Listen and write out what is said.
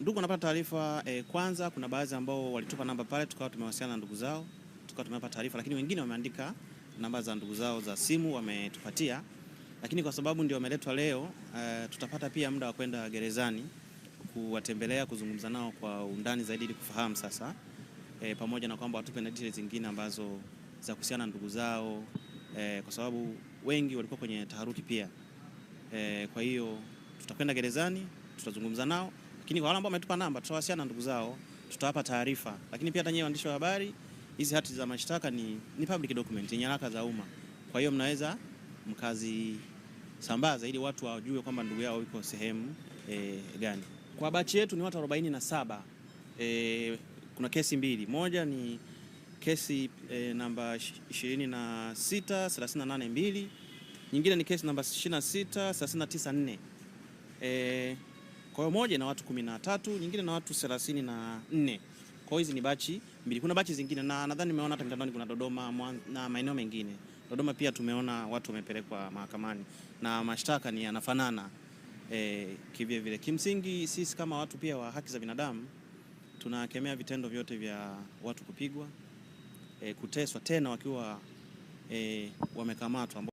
ndugu wanapata taarifa eh, kwanza kuna baadhi ambao walitupa namba pale, tukawa tumewasiliana na ndugu zao, tukawa tumewapa taarifa, lakini wengine wameandika namba za ndugu zao za simu wametupatia, lakini kwa sababu ndio wameletwa leo e, tutapata pia muda wa kwenda gerezani kuwatembelea, kuzungumza nao kwa undani zaidi ili kufahamu sasa eh, pamoja na kwamba watupe na details zingine ambazo za kuhusiana na ndugu zao eh, kwa sababu wengi walikuwa kwenye taharuki pia eh, kwa hiyo tutakwenda gerezani tutazungumza nao. Lakini kwa wale ambao wametupa namba, tutawasiliana ndugu zao, tutawapa taarifa. Lakini pia hata nyinyi waandishi wa habari, hizi hati za mashtaka ni, ni public document, ni nyaraka za umma, kwa hiyo mnaweza mkazi sambaza ili watu wajue kwamba ndugu yao yuko sehemu e, gani. Kwa bachi yetu ni watu 47. E, eh, kuna kesi mbili, moja ni kesi e, namba 26 38 nyingine ni kesi namba 26 39 4. Eh, kwa hiyo moja na watu kumi na tatu, nyingine na watu thelathini na nne. Kwa hiyo hizi ni bachi mbili. Kuna bachi zingine na nadhani nimeona hata mtandaoni kuna Dodoma na maeneo mengine. Dodoma pia tumeona watu wamepelekwa mahakamani na mashtaka ni yanafanana. E, kivyo vile kimsingi sisi kama watu pia wa haki za binadamu tunakemea vitendo vyote vya watu kupigwa, e, kuteswa tena wakiwa e, wamekamatwa.